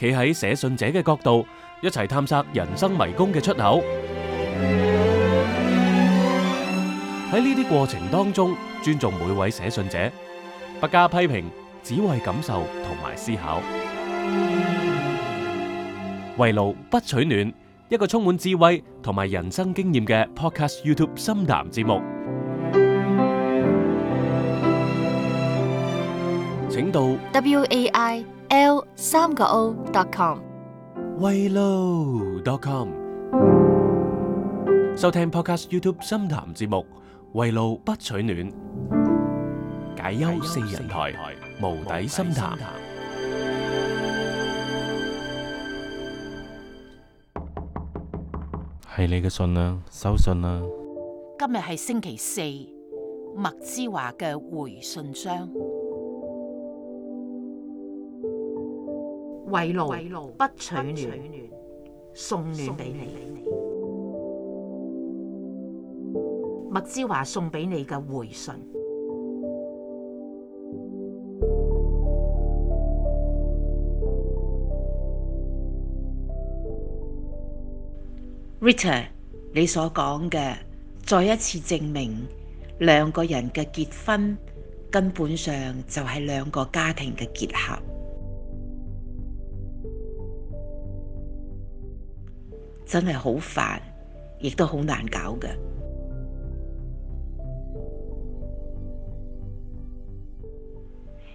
企喺寫信者嘅角度，一齊探索人生迷宮嘅出口。喺呢啲過程當中，尊重每位寫信者，不加批評，只為感受同埋思考。為爐不取暖，一個充滿智慧同埋人生經驗嘅 Podcast YouTube 深談節目，請到 WAI。l 三個 o.com，維路 .com，收聽 Podcast YouTube 深談節目，維路不取暖，解憂四人台，無底深談，係你嘅信啊，收信啊！今日係星期四，麥之華嘅回信箱。圍爐不取暖，送暖俾你。給你麥之華送俾你嘅回信，Rita，你所講嘅再一次證明，兩個人嘅結婚根本上就係兩個家庭嘅結合。真係好煩，亦都好難搞嘅，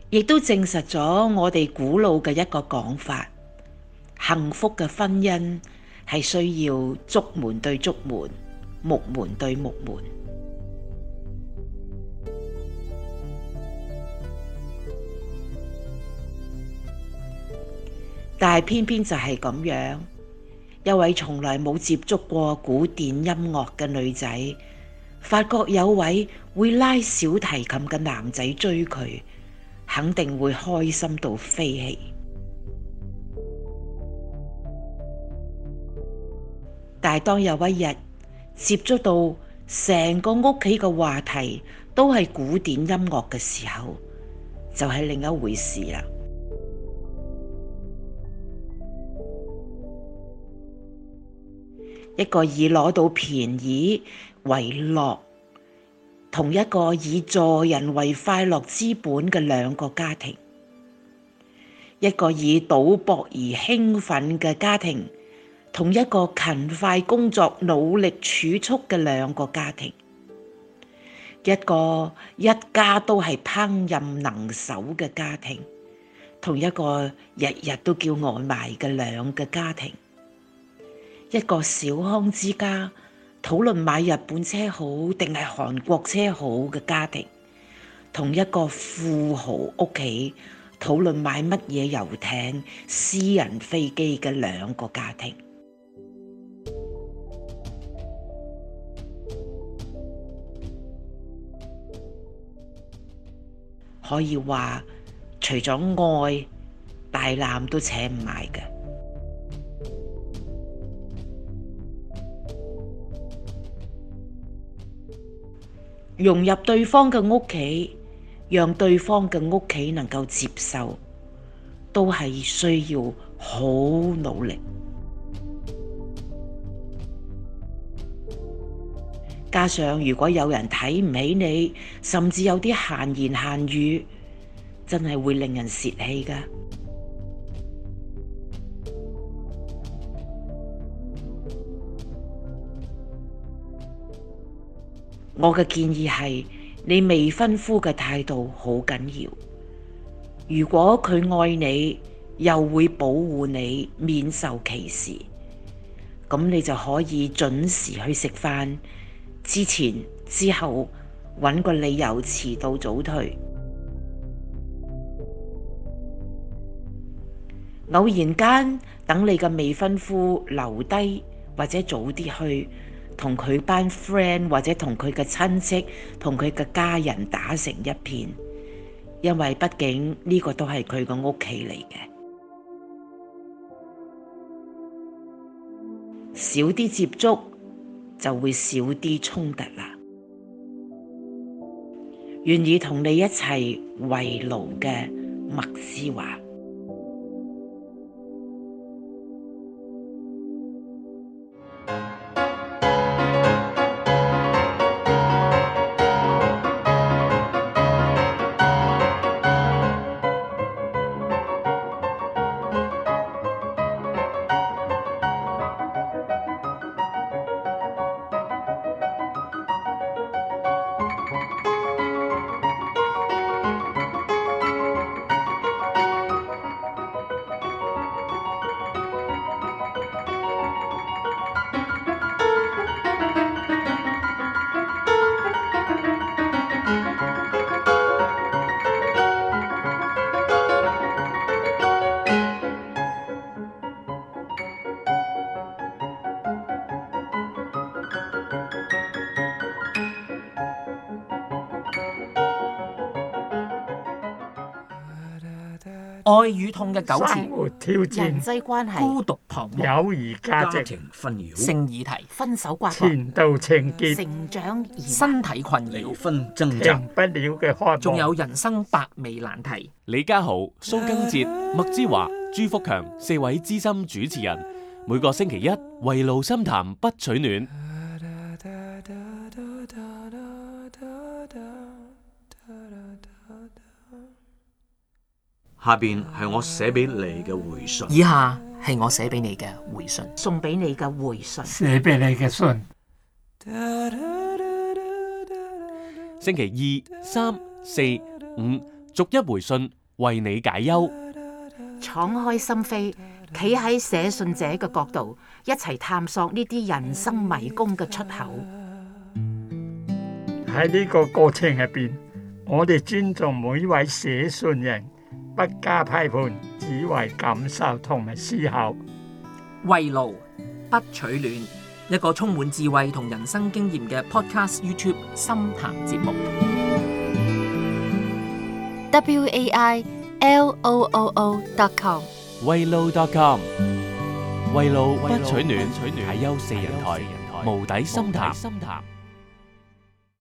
亦都證實咗我哋古老嘅一個講法：幸福嘅婚姻係需要竹門對竹門，木門對木門，但係偏偏就係咁樣。一位從來冇接觸過古典音樂嘅女仔，發覺有位會拉小提琴嘅男仔追佢，肯定會開心到飛起。但當有一日接觸到成個屋企嘅話題都係古典音樂嘅時候，就係另一回事喇。一個以攞到便宜為樂，同一個以助人為快樂之本嘅兩個家庭；一個以賭博而興奮嘅家庭，同一個勤快工作、努力儲蓄嘅兩個家庭；一個一家都係烹飪能手嘅家庭，同一個日日都叫外賣嘅兩個家庭。一個小康之家討論買日本車好定係韓國車好嘅家庭，同一個富豪屋企討論買乜嘢遊艇、私人飛機嘅兩個家庭，可以話除咗愛，大纜都扯唔埋嘅。融入對方嘅屋企，讓對方嘅屋企能夠接受，都係需要好努力。加上，如果有人睇唔起你，甚至有啲閒言閒語，真係會令人泄氣㗎。我嘅建議係，你未婚夫嘅態度好緊要。如果佢愛你，又會保護你免受歧視，咁你就可以準時去食飯。之前之後揾個理由遲到早退。偶然間等你嘅未婚夫留低，或者早啲去。同佢班 friend 或者同佢嘅親戚、同佢嘅家人打成一片，因為畢竟呢個都係佢嘅屋企嚟嘅，少啲接觸就會少啲衝突啦。願意同你一齊慰勞嘅麥之華。愛與痛嘅糾纏，挑戰人際關係，孤獨彷徨，友誼價值，家庭困擾，性議題，分手關係，前度情結，成長，身體困擾，離婚掙扎，仲有人生百味難題。李家豪、蘇根哲、麥之華、朱福強四位資深主持人，每個星期一圍爐深談，不取暖。下邊係我寫俾你嘅回信。以下係我寫俾你嘅回信，送俾你嘅回信，寫俾你嘅信。星期二、三、四、五，逐一回信，為你解憂。敞開心扉，企喺寫信者嘅角度，一齊探索呢啲人生迷宮嘅出口。喺呢個過程入邊，我哋尊重每一位寫信人。不加批判，只為感受同埋思考。為路不取暖，一個充滿智慧同人生經驗嘅 Podcast YouTube 深談節目。wailooo.com 為路 .com 為路不取暖，大優四人台無底深談。